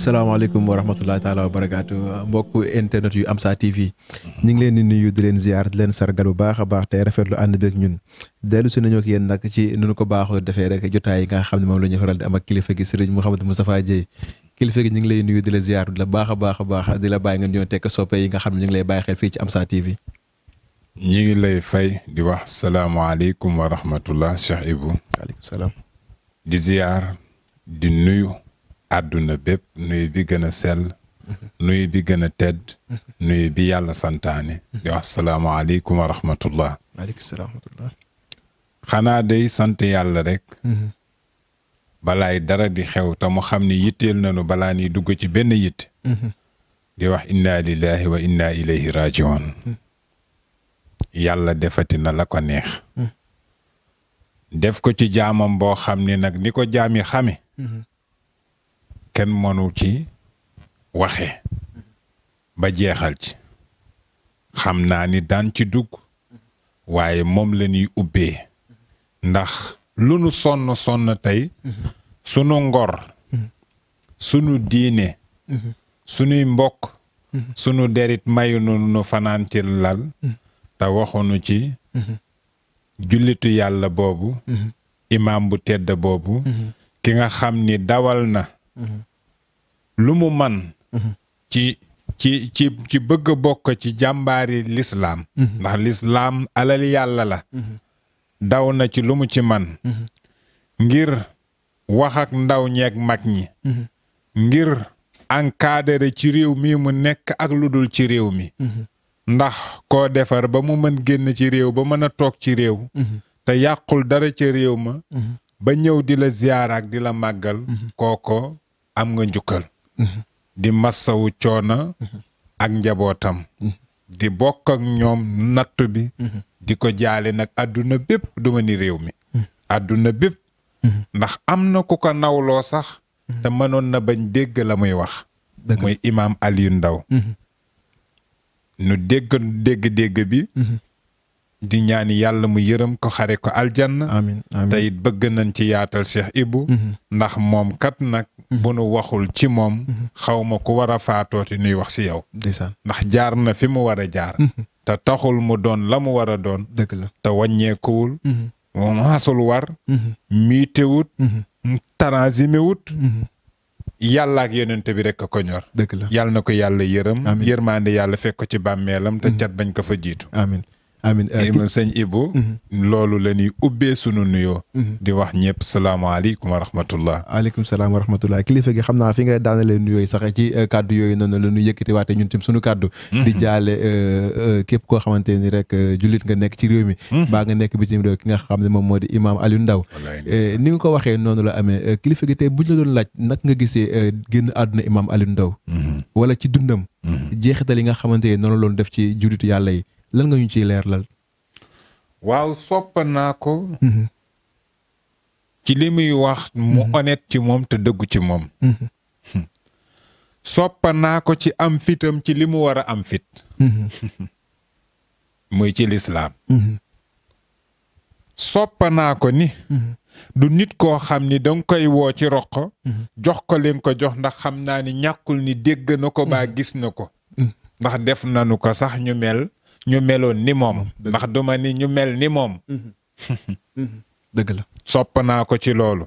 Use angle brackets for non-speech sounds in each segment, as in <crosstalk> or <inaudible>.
salaamaaleykum wa rahmatullahi taala wa barakaatu mbokku internet yu Amsa TV ñu ngi leen di nuyu di leen ziar di leen sargal bu baax a baax tey rafetlu ànd beeg ñun dellu si nañoo ak yéen nag ci nu ko baaxoo defee rek jotaay yi nga xam ne moom la ñu faral di am ak kilifa gi Serigne Mouhamadou Moustapha Dieye kilifa gi ñu ngi lay nuyu di la ziar di la baax a baax a baax di la bàyyi ngeen ñoo tekk soppe yi nga xam ne ñu ngi lay bàyyi xel fii ci Amsa ñu ngi lay fay di wax salaamaaleykum wa rahmatullah Cheikh Ibou. waaleykum salaam. di ziar di nuyu. àdduna bépp nuyu bi gën a sell nuyu bi gën a tedd nuyu bi yàlla santaane di wax salaamaaleykum wa rahmatullah xanaa day sant yàlla rek mhm. balaay dara di xew te mu xam ni yitteel nañu balaa ni dugg ci benn yitt mhm. di wax inna lillahi wa inna ilayhi rajiun mhm. yàlla defati na la ko neex def ko ci jaamam boo xam ni nag ni ko jaami xame kenn mënu ci waxe ba jeexal ci xam naa ni daan ci dugg waaye moom la ñuy ubbee ndax lu nu sonn sonn tey sunu ngor sunu diine sunuy mbokk sunu derit mayunu nu fanaan ci lal te waxunu ci jullitu yàlla boobu imaam bu tedd boobu ki nga xam ni dawal na lu mu man ci ci ci ci bëgg bokk ci jàmbaari lislaam ndax lislaam alal yàlla la daw na ci lu mu ci man ngir wax ak ndaw ñeek mag ñi ngir encadré ci réew mi mu nekk ak lu dul ci réew mi ndax koo defar ba mu mën génn ci réew ba mën a toog ci réew te yàqul dara ca réew ma ba ñëw di la ziyaar di la màggal kooko am nga njukkal di massawu coona ak njabootam di bokkak ñoom nattu bi di ko jaale nag àdduna bépp duma ni réew mi àdduna bépp ndax am na ku ko nawloo sax te mënoon na bañ dégg la muy wax muy imaam Aliou Ndao mm-hmm. nu dégg dégg dégg bi mm-hmm. di ñaani yàlla mu yërëm ko xare ko aljanna amiin bëgg nañ ci yaatal Cheikh Ibou mm-hmm. ndax moom kat nag mm-hmm. bu nu waxul ci moom mm-hmm. xawma ma ku war a faatooti nuy wax si yow ndax jaar na fi mu war a jaar te taxul mu doon la mu war a doon dëgg la te wàññeekuwul maasul war miitewut transimewut yàlla ak yonent bi rek ko ñor. dëgg la yàlla na ko yàlla yërëm yërmaande yàlla fekk ko ci bàmmeelam ta cat bañ ko fa jiitu amiin amin amin eh, sëñ mhm. loolu la ñuy ubbee sunu nuyoo. Mhm. di wax ñëpp salaamaaleykum wa rahmatullah. waaleykum salaam wa rahmatullah kilifa gi xam naa fi nga daanalee nuyoo yi sax ci eh, kàddu yooyu noonu la ñuy yëkkati waate ñun tim sunu kàddu. Mhm. di jaale eh, képp koo xamante ni rek jullit nga nekk ci réew mi. baa nga nekk bitim réew ki nga xam ne moom moo di imaam Alioune Ndao ni nga ko waxee noonu la amee kilifa gi te buñ la doon laaj nag nga gisee génn àdduna imaam Alioune ndaw wala ci dundam. jeexital yi nga xamante ne noonu la def ci jullitu yàlla yi lan nga ñu ciy leerlal. waaw soppa naa ko. Mm-hmm. ci li muy wax mu mm-hmm. honnête ci moom te dëggu ci moom. Mm-hmm. Hmm. soppa naa ko ci am fitam ci li mu war a am fit. <laughs> muy ci lislaam soppa naa ko ni. du nit koo xam ni danga koy woo ci roq. jox ko leen ko jox ndax xam naa ni ñàkkul ni dégg na ko baa gis na ko. ndax def nanu ko sax ñu mel. ñu meloon ni moom mm-hmm. ndax duma ni ñu mel ni moom mm-hmm. Mm-hmm. <laughs> dëgg la sopp naa ko ci loolu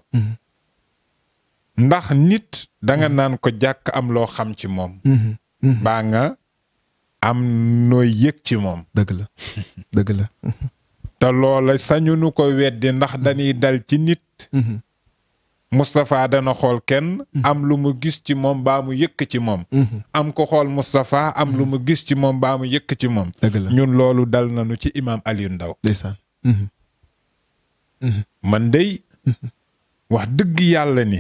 ndax nit danga naan ko jàkk am loo xam ci moom baa nga am nooy yëg ci moom dëgg la <laughs> dëgg la te loola sañu nu ko weddi ndax dañuy dal ci nit Moustapha dana xool kenn mhm. am lu mu gis ci moom baa mu yëkk ci moom mhm. am ko xool Moustapha am lu mhm. mu gis ci moom baa mu yëkk ci moom ñun loolu dal nañu ci imaam Aliou Ndao ndeysaan man dey wax dëgg yàlla ni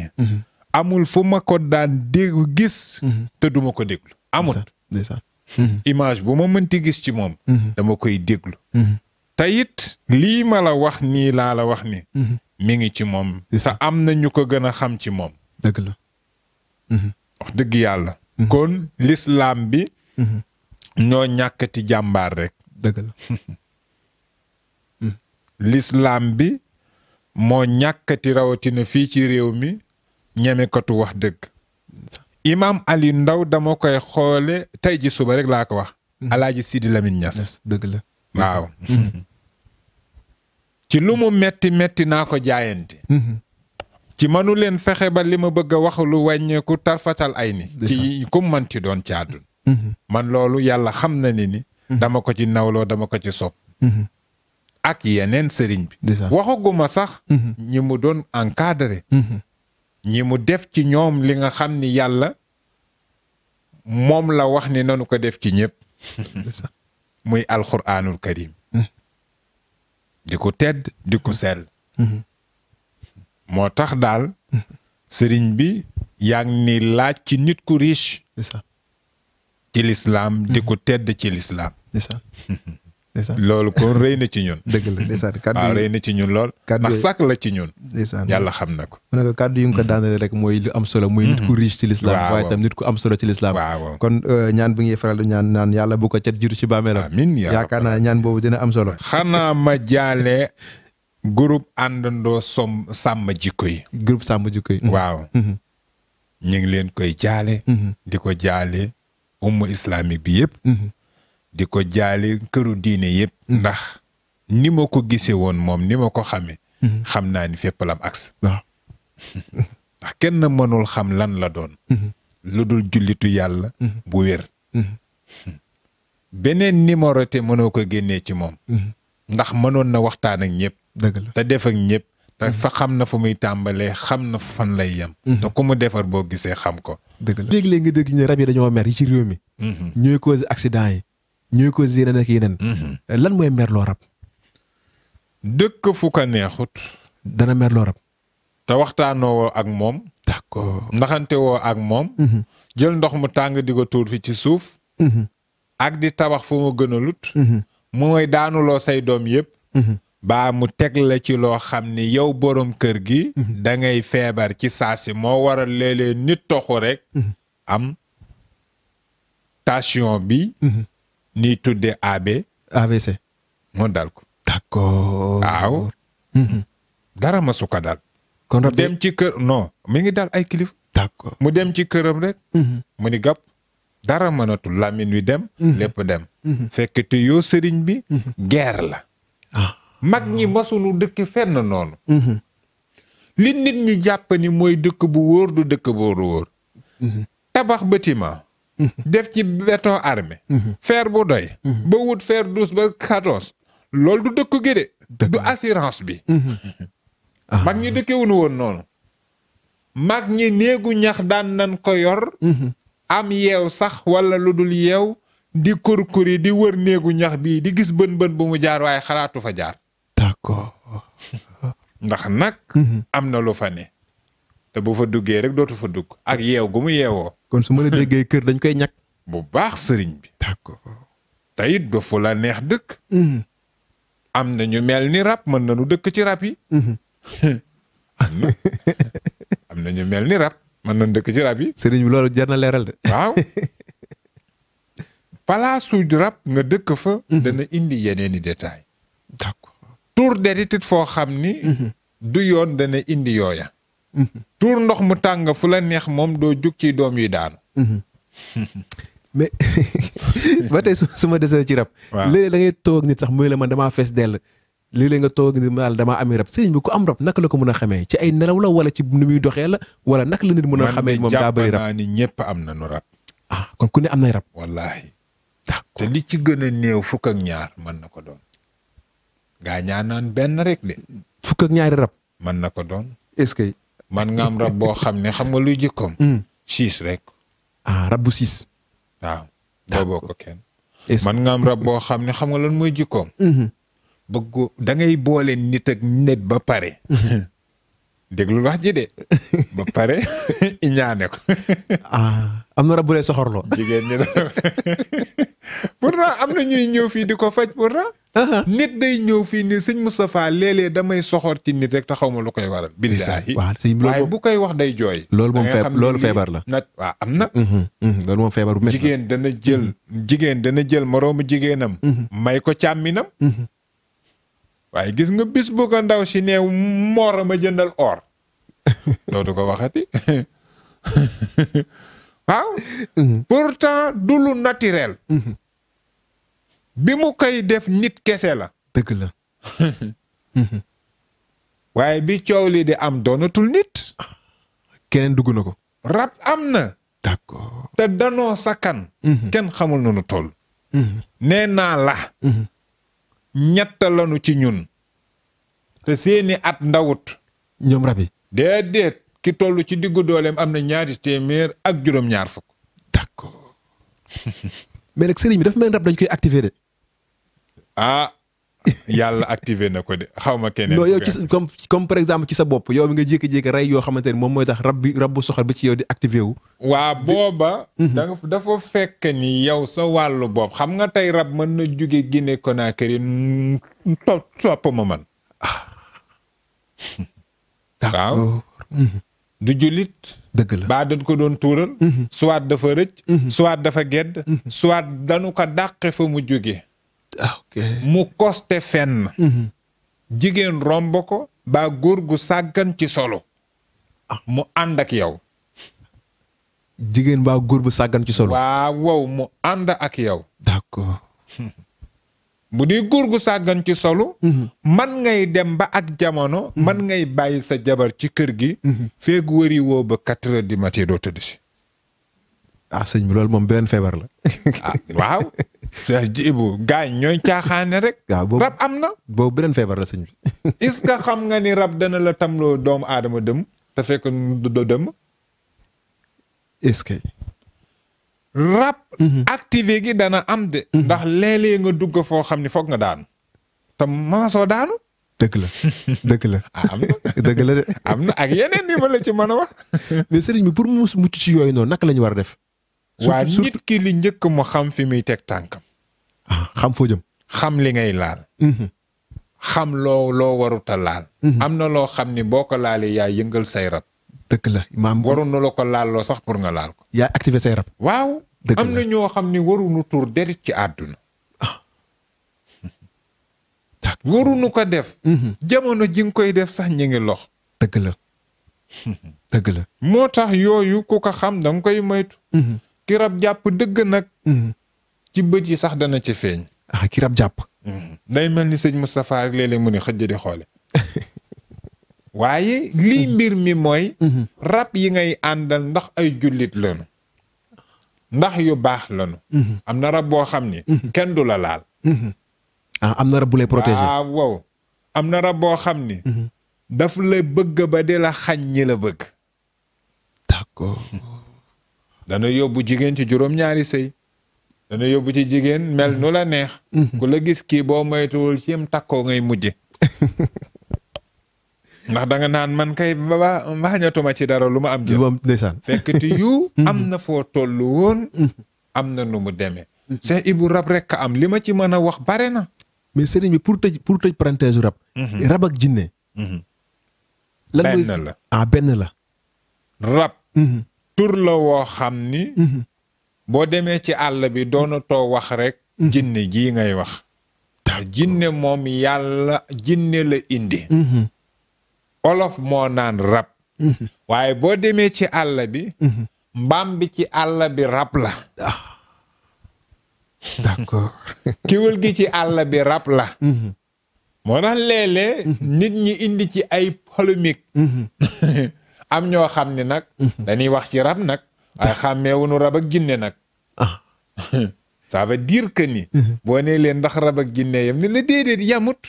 amul fu ma ko daan dégg gis te duma ko déglu amul image bu ma mënti gis ci moom dama koy déglu te lii ma la wax nii laa la wax ni mi ngi ci moom. sa am na ñu ko gën a xam ci moom. dëgg la. Mhm. wax dëgg yàlla. Mhm. kon lislaam bi. Mhm. ñoo ñàkkati jàmbaar rek. <laughs> bi moo ñàkkati rawatina fii ci réew mi ñemekatu wax dëgg. imaam Ali Ndaw dama koy xoole tey ji suba rek laa ko wax. Alaaji Sidi Lamine Niass. dëgg waaw. ci lu mu metti metti naa ko jaayante mm-hmm. ci mënu leen fexe ba li ma bëgg a wax lu wàññeeku tarfatal ay ni ci kum man ci doon ci àdduna mm-hmm. man loolu yàlla xam na ne ni mm-hmm. dama ko ci nawloo dama ko ci sopp ak yeneen sëriñ bi waxaguma sax ñi mu doon encadré ñi mu def ci ñoom li nga xam ni yàlla moom la wax ni nanu ko def ci ñëpp <laughs> muy alxuraanul karim di ko tedd di ko sell moo tax daal sëriñ bi yaa ngi ni laaj ci nit ku riche ci lislaam di ko tedd ci lislaam <laughs> loolu ko rëy na ci ñun. <laughs> dëgg la ndeysaan kàddu ah, yi waaw rëy na ci lool. kàddu ndax la ci ñun. ndeysaan yàlla xam na ko. mu ne ko kàddu yu nga ko mm-hmm. daanale rek mooy lu am solo. muy nit ku mm-hmm. riche ci lislaam waaye itam nit ku am solo ci lislaam kon euh, ñaan bi ngay faral di ñaan naan yàlla bu ko cet jiitu ci bàmmeelam. amiin yaakaar naa ñaan boobu dina am solo. xanaa ma jaale groupe àndandoo som sàmm jikko yi. groupe sàmm jikko yi. Mm-hmm. waaw. ngi leen koy jaale. di ko jaale umma islamique bi yëpp. di ko jaale këru diine yëpp. ndax ni ma ko gisee woon moom ni ma ko xamee. Mhm. xam naa ni fépp lam ags waaw <laughs> ndax kenn mënul xam lan la doon. Mhm. lu dul jullitu yàlla. Mhm. bu wér. beneen numéro te mënoo ko génnee ci moom. ndax mënoon na waxtaan ak ñëpp. dëgg te def ak ñëpp. te fa xam na fu muy tàmbalee xam na fan lay yem. te ku mu defar boo gisee xam ko. dëgg la léegi-léegi nga dégg ñu rab yi dañoo mer yi ci réew mi. ñooy cause accident yi. ñooy ko yeneen ak yeneen. Mhm. lan mooy merloo rab. dëkk fu ko neexut. dana merloo rab. te waxtaanoo ak moom. d'accord ndaxante woo ak moom. Mhm. jël ndox mu tàng di ko tuur fi ci suuf. Mhm. ak di tabax fu mu gën a lut. mooy daanuloo say doom yëpp. ba mu teg la ci loo xam ni yow boroom kër gi. dangay feebar ci saa si moo waral léeg nit toxu rek. am tension bi. ni tuddee AB. AVC. moo dal ko. d'accord mhm. dara ma su ko kon dem ci kër mi ngi dal ay kilif. d'accord mu dem ci këram rek. mëni mhm. gàpp dara mënatul lamin wi dem. Mhm. lépp dem. fekk yoo sëriñ bi. guerre la. Ah. mag ñi masuñu dëkk fenn noonu. li nit ñi jàpp ni mooy dëkk bu wóor du dëkk bu wóor. tabax bâtiment def ci béton armé. Mhm. fer bu doy. Mhm. ba wut fer douze ba quatorze. loolu du dëkku gi de. du assurance bi. Mhm. Ah. Ah. mag ñi dëkkewuñu woon noonu. mag ñi néegu ñax daan nañ ko yor. am yeew sax walla lu dul yeew. di kurkuri di wër néegu ñax bii di gis bën bën bu mu jaar waaye xalaatu fa jaar. <laughs> ndax nag. am na lu fa ne. te bu fa duggee rek dootu fa dugg. ak yeew gu mu yeewoo. kon su ma la déggee kër dañ koy ñàkk. bu baax sëriñ bi. d'accord tey it dofu la neex dëkk. Mhm. am na ñu mel ni rab mën nañu dëkk ci rab yi. Mhm. <laughs> na ñu mel ni rab mën nañu dëkk ci rab yi. sëriñ bi loolu jar na leeral de. waaw <laughs> palaasu rab nga dëkk fa. Mhm. dana indi yeneeni détail. d'accord tur foo xam ni. du yoon dana indi yooya. tuur ndox mu tàng fu la neex moom doo jug ci doom yi daanu. <laughs> mais <laughs> ba tey su ma desee ci rab. waaw léeg-léeg da toog nit sax muy la man damaa fees dell. léeg-léeg nga toog nit maanaam damaa amee rab sëriñ bi ku am rab naka la ko mën a xamee ci ay nelaw la wala ci nu muy doxee la wala naka la nit mën a xamee moom daa bëri rab man ni ñëpp am nañu rab. ah kon ku ne am na rab. wallaahi. te li ci gën a néew fukk ñaar man na ko doon. gaa ñaanaan benn rek de. fukk ñaari rab. mën na ko doon. est-ce que. man nga am rab boo xam ne xam nga luy jikkoom. Hmm. siis rek. ah rab bu siis. waaw doo bokk kenn. man nga rab boo xam ne xam nga loon mooy jikkoom. Hmm. bëgg da ngay boole nit ak nit ba pare. Hmm. déglul wax ji de ba pare <laughs> ñaane ko. <laughs> Ah, am na rab bu lay soxorloo. jigéen ñi <laughs> pourtant am na ñuy ñëw fii di ko faj pourtant. nit day ñëw fii nii sëñ Moustapha léeg damay soxor ci nit rek te ma lu koy waral. billaahi waaye bu koy wax day jooy. loolu moom loolu feebar la. nag waa am na. Mhm, mhm, loolu moom feebar bu métti jigéen mhm. jigéen dana jël moroomu jigéenam. may ko càmminam. waaye gis nga bis bu ndaw si neew moor ma jëndal or. <laughs> dootu ko waxati. <laughs> waaw. pourtant du lu naturel. bi mu koy def nit kese la. dëgg la. <laughs> waaye bi coow lii de am doonatul nit. keneen dugg na ko. rab am na. d'accord te danoo sakkan. Mhm. kenn xamul na nu toll. Mhm. nee naa la. Mhm. ñett lanu ci ñun. te seeni at ndawut. ñoom rab yi. déedéet ki toll ci diggu dooleem am na ñaari téeméer ak juróom-ñaar fukk. d'accord <laughs> mais nag dafa mel rab dañ koy activer de. ah yàlla activé na ko de xaw ma keneen. non yow ci comme par exemple ci sa bopp yow mi nga jékki-jékki rey yoo xamante ni moom mooy tax rab bi rab bu soxor bi ci yow di activé wu. waa booba. Mhm. dafa fekk ni yow sa wàllu bopp xam nga tey rab mën na jóge Guinée Conakry mm, topp topp ma man. Ah. <laughs> waaw. Mhm. du jullit. dañ ko doon tuural. Mhm. soit dafa rëcc. soit dafa gedd. soit dañu ko dàqe fa mu jóge Ah, mu koste fenn mhm. jigéen romb ko ba góor gu sàggan ci solo ah. mu ànd yow jigéen baa góor bu sàggan ci solo waaw wow mu ànd ak yow d'accord bu <laughs> dee góor gu sàggan ci solo mhm. man ngay dem ba ak jamono mhm. man ngay bàyyi sa jabar ci kër gi feeg wëri woo ba quatre heures du matin doo tëdd si ah sëñ bi loolu moom benn feebar la. ah waaw. Cheikh Djibou gars yi ñooy caaxaane rek. waaw boobu rab am na. boobu beneen feebar la sëñ bi. <laughs> est-ce que xam nga ni rab dana la tam loo doomu aadama dëmm. te fekk du dëmm. est-ce que. rab. Mhm. gi dana am de. Mhm. ndax léeg-léeg nga dugg foo xam ni foog nga daanu. te maasoo daanu. dëgg la dëgg la. <laughs> <laughs> dëgg la de. am na ak yeneen ni ma la ci mën a wax. mais sëriñ bi pour mu mucc ci yooyu noonu naka la ñu war a def. waaw nit ki li njëkk mu xam fi muy teg tànkam. Ah, xam foo jëm. xam li ngay laal. Mhm. xam loo loo warut a laal. Mhm. am na loo xam ni boo ko laalee yaa yëngal say rab. la maam waroon na la ko laal loo sax pour nga laal ko. yaa activé say rab. waaw am na ñoo xam ni waruñu tur derit ci àdduna. Ah. <laughs> waruñu ko def. Mhm. jamono ji nga koy def sax ñu ngi lox. dëgg la <laughs> dëgg la. moo tax yooyu ku ko xam da koy moytu. ki rab jàpp dëgg nag. Mm-hmm. ci bët yi sax dana ci feeñ. ah ki rab jàpp. Mm-hmm. day mel ni sëñ Moustapha rek léeg mu ne xëj di xoole. <laughs> waaye lii mm-hmm. mbir mi mooy. rab yi ngay àndal ndax ay jullit lanu ndax yu baax lanu am na rab boo xam ni. kenn du la laal. ah am na ah, boo xam ni. daf la bëgg ba di la xañ ñi la bëgg. <laughs> dana yóbbu jigéen ci juróom-ñaari sëy dana yóbbu ci jigéen mel nu la neex mm-hmm. ku la gis kii boo moytuwul ci m takkoo ngay mujje <laughs> ndax da naan man kay ba ci dara lu ma am jël ndeysaan fekk yu <laughs> mm-hmm. am na foo toll woon mm-hmm. nu mu demee Cheikh Ibou rab rekk am li ma ci mën a wax bare na mais sëriñ bi pour tëj pour tëj parenthèse rab rab ak jinne ah, benn la rab tur la woo xam ni mhm. boo demee ci àll bi doonatoo wax rekk mhm. jinne jii ngay wax ndax jinne moom yàlla jinne la indi mhm. olof moo naan rab waaye boo demee ci àll bi mbaam bi ci àll bi rab la ah. <laughs> gi ci àll bi rab la moo tax léeg-léeg nit ñi indi ci ay polémique <laughs> am ñoo xam ne nag. Mhm. dañuy wax ci rab nag. ay xàmmeewuñu rab ak ginne nag. Ah. <laughs> ça veut dire que mhm. boo nee leen ndax rab ak ginne yam ne la déedéet yamut.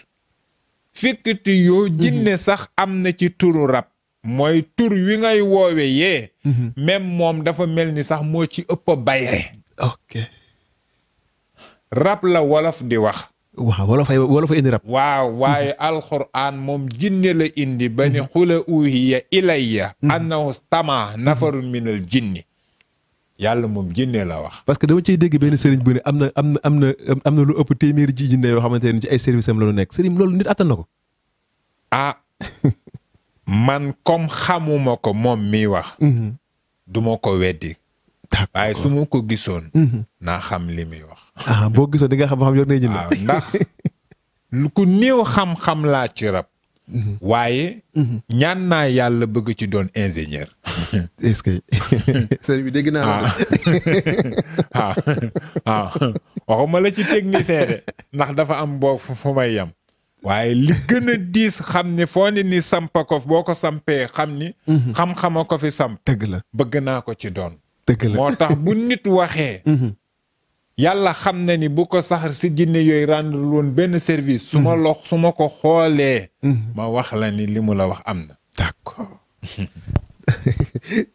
fikkti yoo mhm. jinne sax am na ci turu rab mooy tur wi ngay woowe yee même moom dafa mel ni sax moo ci ëpp a bayre rab la wolof di wax waaw wala fay wala fa waaw waaye alxuraan moom jinne la indi ba ni xula uuhiya ilayya mm-hmm. annahu stama nafarun minal jinni yàlla moom jinne la wax parce que dama ci dégg benn sëriñ bu ne am na am na am na am na lu ëpp téeméeri ji jinne yoo xamante ne ci ay service am la ñu nekk sëriñ loolu nit attan na ko <laughs> ah man comme xamuma ko moom miy wax mm-hmm. duma ko weddi waaye su ma ko gisoon. Mhm. naa xam li muy wax. Ah, boo gisoon di nga xam xam yor nañu ndax ku néew xam-xam laa ci rab. Mhm. waaye. Mhm. ñaan naa yàlla bëgg ci doon ingénieur. <laughs> <laughs> bi dégg naa. waaw ah. <laughs> ah. waxuma la ci technicien ndax dafa am boo fu may yam. waaye li gën diis xam ni foo ne ni sampa ko boo ko sampee xam ni. xam-xama ko fi samp. dëgg la bëgg naa ko ci doon. dëgg la moo tax bu nit waxee. <laughs> Mhm. yàlla xam na ni bu ko sax si jinne yooyu rendre woon benn service. su ma mhm. lox su ma ko xoolee. Mhm. ma wax la ni li mu la wax am na. d'accord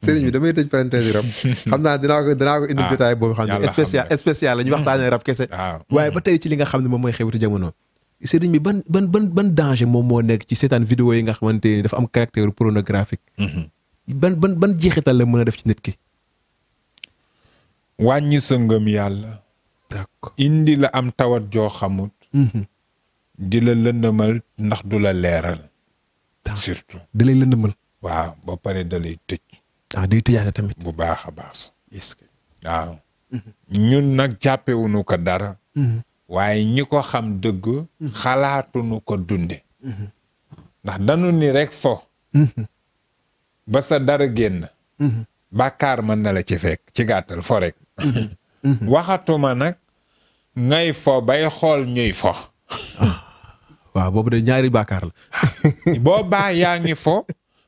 sëriñ <laughs> bi damay tëj parenthèse yi rab. <laughs> xam naa dinaa ko dinaa ko indi ah, jotaay boobu xam ne spécial spécial la ñu waxtaanee ah, mm. nga xam ne moom mooy xewtu jamono. sëriñ bi ban ban ban ban danger moom moo nekk ci seetaan vidéo yi nga xamante ni dafa am caractère pornographique. ban ban ban jeexital la mën a def ci nit ki. wàññi sa ngëm yàlla. d'accord indi la am tawat joo xamut. Mhm. di la lëndëmal ndax du la leeral. surtout da lay lëndëmal. waaw ba pare da lay tëj. ah day tëjaate tamit. bu baax a baax. est-ce que waaw. Mhm. ñun nag jàppewuñu ko dara. Mhm. waaye ñi ko xam dëgg. xalaatuñu ko dunde ndax danu ni rek fo. ba sa dara génn. bàkkaar mën na la ci fekk ci gàttal fo rek. Mm-hmm. waxatuma nag ngay fo bay xool ñuy fo. Ah, waaw boobu de ñaari baakaar la. <laughs> boo yaa ngi fo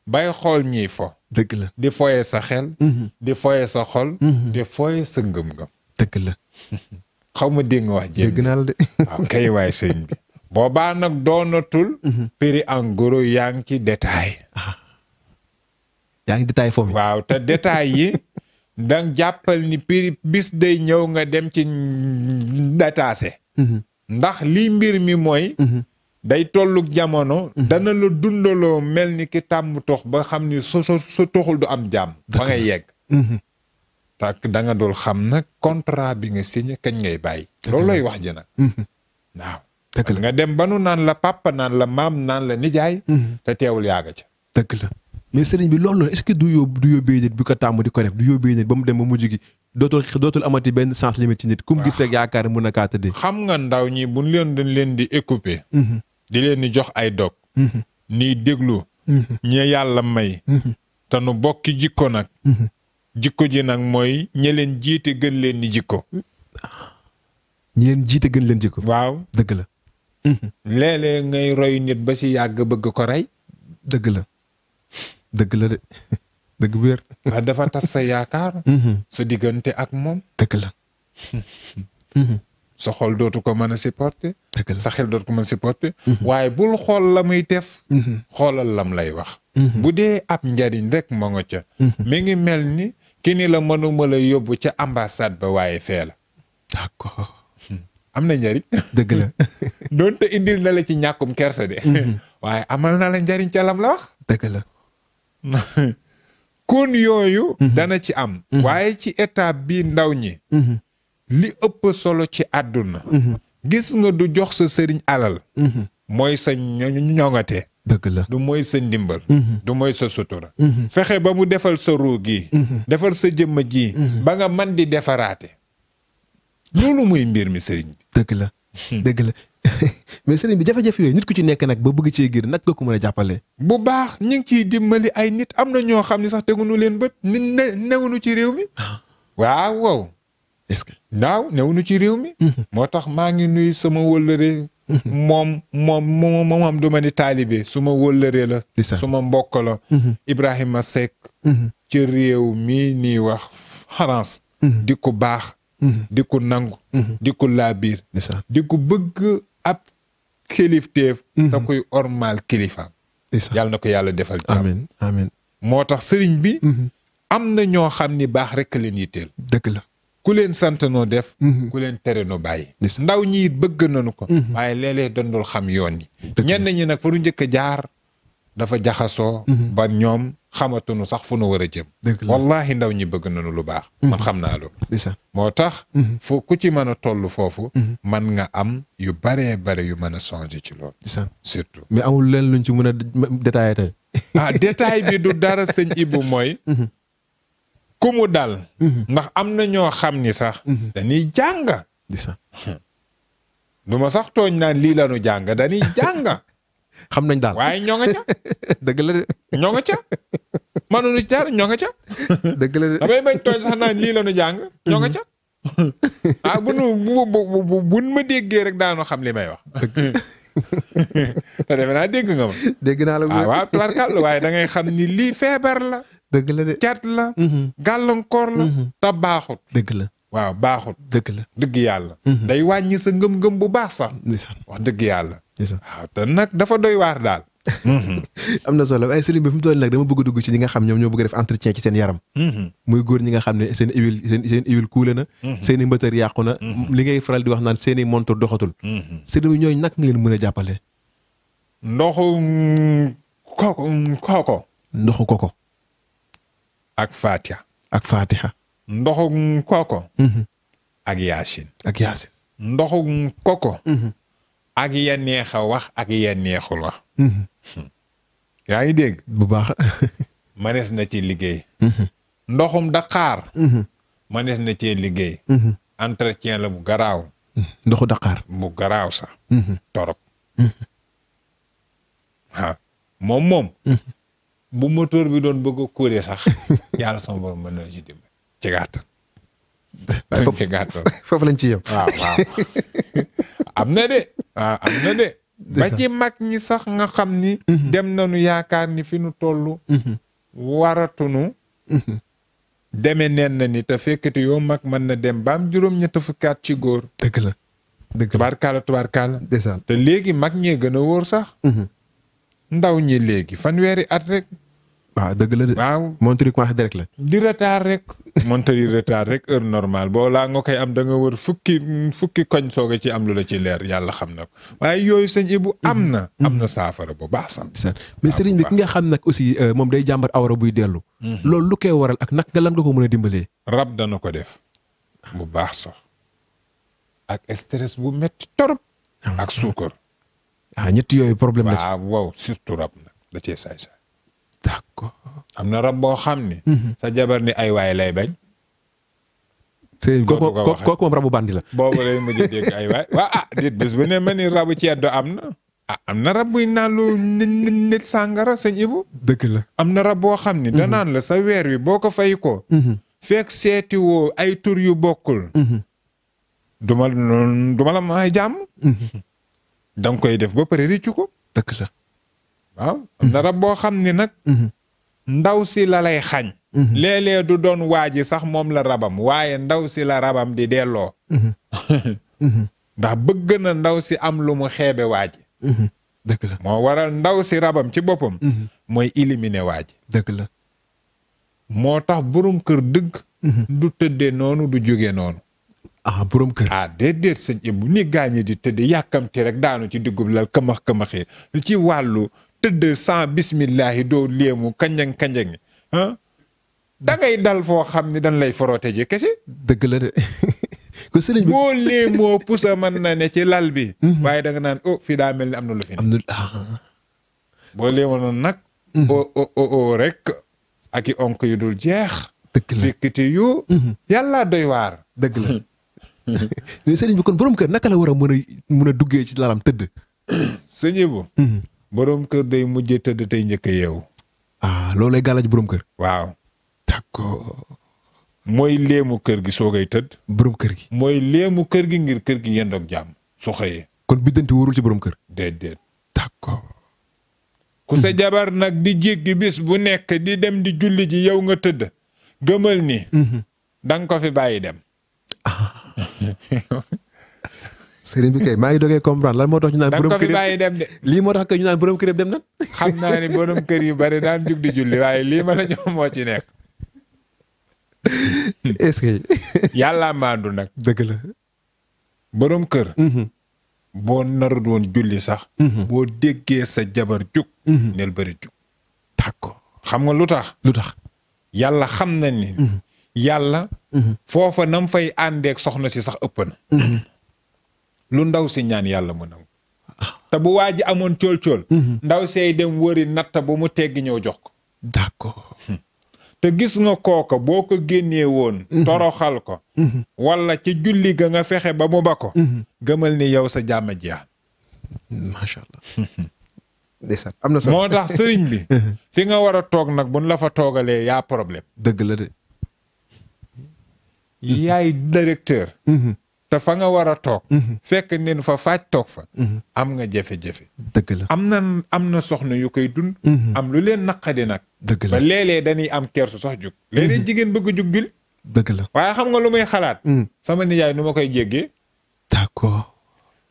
bay xool ñuy fo. dëgg la di foyee sa xel. Mm-hmm. di foyee sa xol. Mm-hmm. di foyee sa ngëm-ngëm. dëgg la. <laughs> xaw ma dégg nga wax jéem dégg naa la de. waaw <laughs> ah, kay nag doonatul. prix en yaa ngi ci détail. Ah. yaa ngi détail foofu. waaw te détail yi. dang jàppal ni piri bis day ñëw nga dem ci dataase mm-hmm. ndax lii mbir mi mooy mm-hmm. day tolluk jamono mm-hmm. dana la dundaloo mel ni ki tàmm tox ba xam ni su su toxul du am jàmm fa nga yegg danga da dul xam nag contrat bi nga signé kañ ngay bàyyi loolu lay wax ji nag nga dem ba nu naan la papa naan la maam naan la nijaay te teewul yaaga ca la mais sëriñ bi loolu noonu est que du yóbbee nit bi ko tàmm di ko def du yóbbee nit ba mu dem ba mujj gi dootul dootul amati benn sens limite ci nit kum gis rek yaakaar mun a kaa tëddee xam nga ndaw ñi buñ leen dañ leen di écouper mm-hmm. di leen di jox ay dog mm-hmm. nii déglu mm-hmm. ñee yàlla may te nu bokki jikko nag jikko ji nag mooy ñe leen jiite gën leen ni jikko ñi leen jiite gën leen jikko waaw dëgg la léeg-léeg ngay roy nit ba si yàgg bëgg ko rey dëgg la dëgg la de <laughs> dëgg bu wér. ndax dafa tas sa yaakaar. <laughs> Mhm. sa diggante ak moom. dëgg la. <laughs> Mhm. sa xol dootu ko mën a supporter. dëgg la sa xel dootu ko mën a supporter. Mhm. waaye bul xool la muy def. xoolal lam lay wax. bu dee ab njariñ rek moo nga ca. mi ngi mel ni ki ni la mënuma la yóbbu ca ambassade ba waaye fee la. d'accord. Hmm. am na njariñ dëgg la doonte indil ci ñàkkum kersa de. waaye amal na la njariñ ca lam la wax. la. <laughs> kon yooyu. Mhm. dana ci am. Mhm. waaye ci état bi ndaw ñi. Mhm. li ëpp solo ci àdduna. gis nga du jox sa sëriñ alal. mooy sa ñoŋate. dëgg la du mooy sa ndimbal. du mooy sa sutura. fexe ba mu defal sa ruu gi. defal sa jëmm ji. ba nga man di defaraate. loolu muy mbir mi sëriñ bi. la dëgg la hmm. <laughs> mais sëriñ bi jafe-jafe yooyu nit ku ci nekk nag ba bëgg cee gir nag ko mën a jàppale. bu baax ñu ngi ciy dimbali ay nit am na ñoo xam ne sax teguñu leen bët ni ne newuñu ci réew mi. Ah. waaw waaw. est-ce que waaw newuñu ci réew mi. Mm-hmm. moo tax maa ngi nuyu sama wëllëre. Mm-hmm. moom moom moom moom du ma ni taalibe su ma wëllëree la. su ma mbokk la. Mm-hmm. Ibrahima Seck. ci réew mi nii wax France. di ko baax. di ko nangu. di ko laabiir. di ko bëgg. ab kilifteef da mhm. koy ormaal kilifaam yàlla na ko yàlla defal jàmm amiin moo tax sëriñ bi mhm. am na ñoo xam ni baax rekk leen yitteel dëgg la ku leen sant noo def mhm. ku leen tere noo bàyyi ndaw ñii bëgg nañu ko waaye léeg-léeg dondul xam yoon yi ñenn ñi nag fa du njëkk a jaar dafa jaxasoo ba ñoom xamatuñu sax fu nu war a jëm. wallahi ndaw ñi bëgg nañu lu baax. Mhm. man xam naa loolu. moo tax. Mhm. fu ku ci mën a toll foofu. Mhm. man nga am yu baree bare yu mën a changer ci loolu. surtout mais amul leen luñ ci mën a détaillé tey. <laughs> ah détail bi du dara sëñ Ibu mooy. <laughs> ku mu dal. ndax am na ñoo xam ni sax. dañuy jàng. <laughs> du ma sax tooñ naan lii la ñu jàng dañuy xam nañ daal waaye ñoo nga ca. <laughs> dëgg la de. ñoo ca mënuñu ci dara ñoo nga ca. <laughs> dëgg la de lii la jàng. ñoo nga ca <laughs> ah ma déggee rek daanoo xam li may wax. te defe naa dégg nga ma. dégg naa la bu ah, waaye da ngay xam ni lii feebar la. dëgg la de cat la. Mhm. gàllankoor la. Mhm. te dëgg la. waaw baaxul. dëgg la dëgg yàlla. Mhm. day wàññi sa ngëm-ngëm bu baax sax. wax dëgg yàlla. waaw te nag dafa doy waar daal. Mhm. <laughs> am na solo waaye sëriñ bi fi mu toll nag dama bëgg a dugg ci ñi nga xam ñoom ñoo bëgg def entretien ci seen yaram. Mhm. muy góor ñi nga xam ne seen huile seen seen huile kuule na. seeni i mbëtër yàqu na. li ngay faral di wax naan seeni i montor doxatul. sëriñ bi ñooñu nag nga leen mën a jàppale. ndoxu mm, koko mm, koko. ndoxu koko. ak Fatiha. ak ndoxu koko mm-hmm. ak yaasin ak yaasin ndoxu koko mm-hmm. ak ya neex wax ak ya neexul wax mm-hmm. hmm. yaa ngi dégg bu baax <laughs> manees na ci liggéey ndoxum daqaar manees na ci liggéey entretien la bu garaaw ndoxu daqaar bu garaaw sax torop waaw moom moom bu moteur bi doon bëgg a kuure sax <laughs> yàlla sama bopp mën na ci ci gàtt. <laughs> <laughs> foofu lañ ci yem. waaw <laughs> am na de waaw ah, am na de. ba ci mag ñi sax nga xam ni. Mhm. dem nañu yaakaar ni fi nu toll. Mhm. waratunu. Mhm. deme neen na ni te fekkati yow mag mën na dem baam am juróom-ñett fukki at ci góor. dëgg la dëgg la te léegi mag ñee gën a wóor sax. ndaw ñi léegi fanweeri at rek. waaw ah, dëgg la de. waaw montre commencé direct la. di retard rek. montori retard rek heure normale boo laa nga koy am da nga wër fukki fukki koñ sooga ci am lu la ci leer yàlla xam na ko waaye yooyu sëñ bu am na mhm. am na saafara bu baax sant mais sëriñ bi ki nga xam nag aussi euh, moom day jàmbat awara buy dellu mhm. loolu lu koy waral ak nag nga lan ko mën a dimbalee rab dana ko def bu baax sax ak stress bu metti torop ah. ak suukar ah ñetti yooyu problème la ci waaw surtout rab nag da cee saay saay d'accord am na rab boo xam ni. Mhm. sa jabar ni ay waay lay bañ. sëñ ko kooku kooku moom rabu bandi la. boobu lay mujj dégg ay waay waa ah dit bés bu ne ma ni rabu ceddo doo ah, am na rab buy naan lu nit nit la am na boo xam ni. Mhm. danaan la sa weer wi boo ko fay ko. Mhm. fekk seeti woo ay tur yu bokkul. duma duma la may jàmm. koy def ba pare rëccu ko. waaw na rab boo xam ni nag mhm. ndaw si la lay xañ mhm. léeg-léeg du doon waa ji sax moom la rabam waaye ndaw si la rabam di delloo mhm. <laughs> ndax bëgg na ndaw si am lu mu xeebe waaji ji moo waral ndaw si rabam ci boppam mooy éliminer waa ji dëgg la moo tax borom kër dëgg du tëddee noonu du jóge noonu ah borom kër ah déedéet sëñ Ibou ni gaañi di tëddee yàkkamti rek daanu ci diggub lal këmax këmaxee ci wàllu tëdd sans bismillahi doo léemu kanjang kanjang ah da dal foo xam ni dañ lay foroote ji kese. dëgg la de. <laughs> ko sëriñ bi boo léemoo na ne ci lal bi. Mhm. waaye da nga oh, fii daa mel ni am na lu fi. am na ah. boo léemoo nag. o mhm. o oh, oh, rek. ak i onk yu dul jeex. dëgg la fikkiti yu. Mhm. yàlla doy waar. dëgg la <laughs> <laughs> mais sëriñ bi kon borom kër naka la war a mën a a duggee ci lalam tëdd. sëñ bu. boroom kër day mujje tëdd tey njëkk a ah, loolu ah loolay gàllaj boroom kër. waaw. d'accord. mooy léemu kër gi soo koy tëdd. boroom kër gi. mooy leemu kër gi ngir kër gi yendoog jàmm su xëyee. kon biddanti wóorul ci boroom kër. déedéet. d'accord. ku sa jabar nag di jéggi bis bu nekk di dem di julli ji yow nga tëdd. gëmal ni. Mhm. da ko fi bàyyi dem. Ah. <laughs> sëriñ bi kay maa ngi doogee comprendre lan moo tax ñu naan borom kër yi lii moo tax kay ñu naan borom kër yi naa ni borom kër yu bari daan jug di julli waaye lii ma la ñoom moo ci nekk <laughs> est-ce <laughs> yàlla maandu nag dëgg la borom kër mm-hmm. boo narut woon julli sax mm-hmm. boo déggee sa jabar jug mm-hmm. nel bari jug d'accord xam nga lu tax lu tax yàlla xam na ni yàlla foofa nam fay àndeek soxna si sax ëpp na lu ndaw si ñaan yàlla mu naw te bu waa ji amoon cool-cool mhm. ndaw seey dem wëri natta bu mu teggi ñëw jox ko d'accord hmm. te gis nga kooka boo ko génnee woon mhm. toroxal ko mhm. wala ci julli ga nga fexe ba mu ba ko gëmal ni yow sa jàmmaji jeex macha hmm. am na solo moo tax sëriñ bi <laughs> fi nga war a toog nag buñ la fa toogalee yaa problème dëgg la de yaay directeur te fa nga war a toog. Mhm. fekk neen fa faaj toog fa. Mhm. am nga jafe-jafe. dëgg la am na am na soxna yu koy dund. Mhm. am lu leen naqadi nag. dëgg la ba léeg-léeg dañuy am kersu sax jug. léeg-léeg jigéen bëgg a jug dëgg la waaye xam nga lu may xalaat. sama nijaay nu ma koy jéggee. d'accord.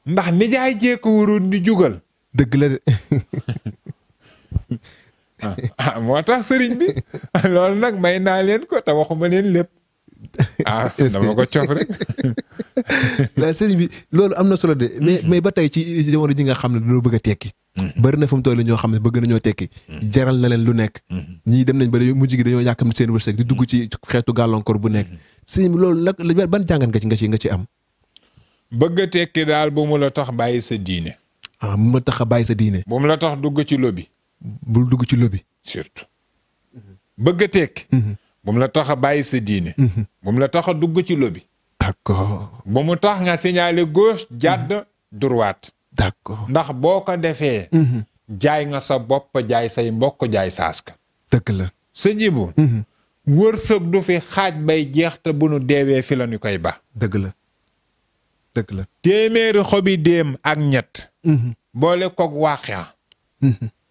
ndax nijaay jee ko waroon di jugal. dëgg la de. <laughs> Ah, ah moo tax sëriñ bi <laughs> loolu nag may naa leen ko te waxuma leen lépp. <laughs> ah ko cof rek. la <laughs> sëriñ bi loolu am na solo de. mais mhm. mais ba tey ci jamono ji nga xam ne dañoo bëgg a tekki. Mhm. bari na fu mu toll ñoo xam ne bëgg nañoo tekki. Mhm. jaral na leen lu nekk. ñii dem nañ ba mujj gi dañoo yàkkam seen wërsëg di dugg ci xeetu gàllankoor bu nekk. sëriñ bi loolu nag ban jàngat nga ci nga ci nga ci am. bëgg a tekki daal bu mu la tax bàyyi sa diine. ah bu ma tax a bàyyi sa diine. bu mu la tax dugg ci lobi. bul dugg ci lobi. surtout bëgg a tekki. bu la tax a bàyyi sa diine. la tax a dugg ci lobi. ba mu tax nga signaler gauche jàdd mhm. droite ndax boo ko defee mhm. jaay nga sa bopp jaay say mbokk jaay saaska dëgg la sa jibu mhm. wërsëg du fi xaaj bay jeex bu nu deewee fi la koy ba dëgg la dëgg téeméeri xobi déem ak ñett boole koog waaxea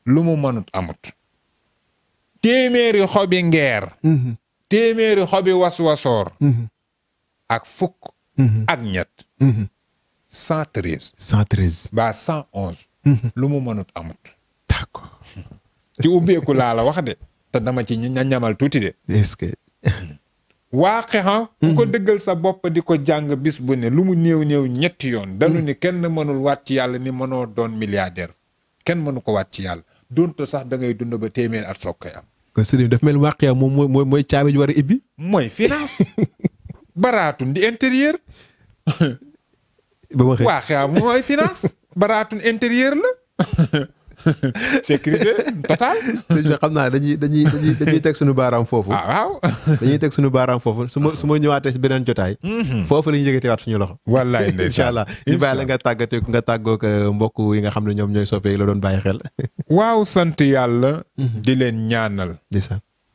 lu mu mënut amut téeméeri xobi ngeer téeméeri xobi was-wasoor ak fukk. Mhm. ak ñett. Mhm. cent treize. cent treize. ba cent onze. Mhm. lu mu mënut amut. d'accord. ci ubbeeku laa la wax de. te dama ci ña ñamal tuuti de. est-ce que. <laughs> waa xeexan. ku ko dëggal sa bopp di ko jàng bis bu ne lu mu néew néew ñetti yoon. dañu ni kenn mënul waat ci yàlla ni mënoo doon milliardaire kenn mënu ko waat ci yàlla doonte sax da ngay dund ba téeméer at soog koy am. kon sëriñ daf mel ni waa xeexan moom mooy mooy caabi war a ibbi. mooy finance. <laughs> baraatun di intérieur. ba ma xëy mooy finance. baraatun intérieur la. <laughs> sécurité total. xam naa dañuy dañuy dañuy dañuy baaraam foofu. ah waaw. dañuy teg baaraam foofu su ma su ma ñëwaatee si beneen jotaay. Mhm. foofu la ñuy yëgateewaat loxo. wallaay ndeysaan incha allah nga tàggatee nga tàggoog euh, mbokk yi nga xam ne ñoom ñooy soppeeku la doon bàyyi xel. <laughs> waaw sant yàlla. Mhm. di leen ñaanal.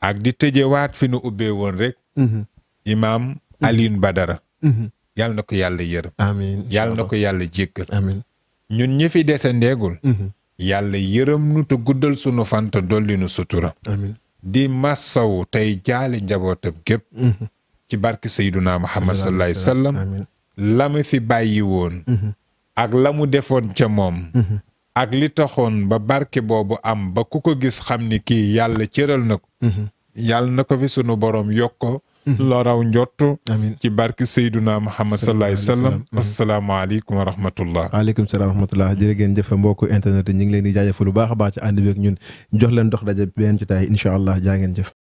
ak di tëjewaat fi nu ubbee woon rek. Mhm. imaam ba mm-hmm. Badara. Mm-hmm. yàlla na ko yàlla yërëm. amiin yàlla na ko yàlla jéggal. ñun ñi fi dese ndeegul. Mm-hmm. yàlla yërëm nu te guddal sunu fan te dolli nu di massawu tey jaale njabootam gépp. ci barke Seyduna Muhammad sallallahu alayhi wasallam. fi bàyyi woon. ak la defoon ca moom. ak li taxoon ba barke boobu am ba ku ko gis xam ni kii yàlla cëral na ko. yàlla na ko fi sunu borom yokk loraw njott ci barke Seyduna Muhammad sallallahu alayhi wa sallam asalaamaaleykum wa rahmatullah waaleykum salaam wa rahmatullah jërë ngeen jëfe mbokku internet yi ñu ngi leen di jaajëfal lu baax a baax ci ànd beeg ñun jox leen dox daje benn ci tay incha allah jaa ngeen